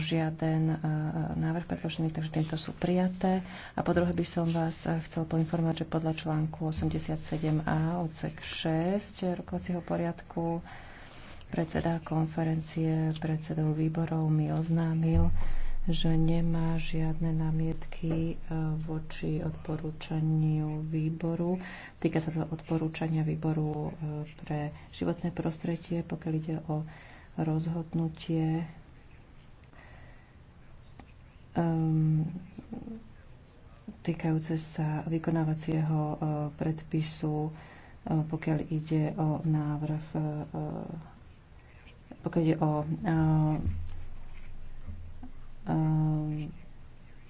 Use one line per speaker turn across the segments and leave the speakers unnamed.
žiaden eh, návrh predložený, takže tieto sú prijaté. A po druhé by som vás eh, chcel poinformovať, že podľa článku 87a odsek 6 rokovacieho poriadku predseda konferencie predsedov výborov mi oznámil, že nemá žiadne námietky eh, voči odporúčaniu výboru. Týka sa to odporúčania výboru pre životné prostredie, pokiaľ ide o rozhodnutie um, týkajúce sa vykonávacieho eh, predpisu, eh, pokiaľ ide o návrh, eh, pokiaľ ide o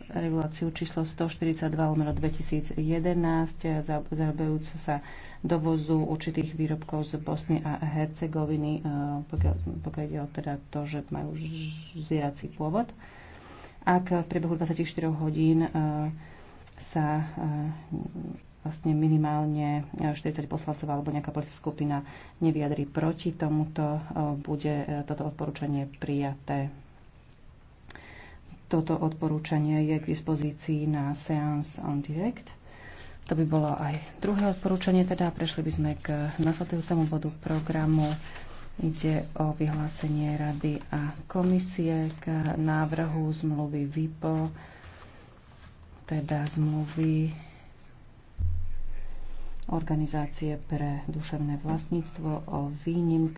reguláciu číslo 142 lomeno 2011 zaoberajúcu sa dovozu určitých výrobkov z Bosny a Hercegoviny, pokiaľ, pokiaľ ide o teda to, že majú zvierací pôvod. Uh, ak v priebehu 24 hodín e, sa e, vlastne minimálne 40 e, poslancov alebo nejaká politická skupina nevyjadrí proti tomuto, bude toto odporúčanie prijaté. Toto odporúčanie je k dispozícii na Seance on Direct. To by bolo aj druhé odporúčanie, teda prešli by sme k nasledujúcemu bodu programu Ide o vyhlásenie Rady a komisie k návrhu zmluvy VIPO, teda zmluvy Organizácie pre duševné vlastníctvo o výnimke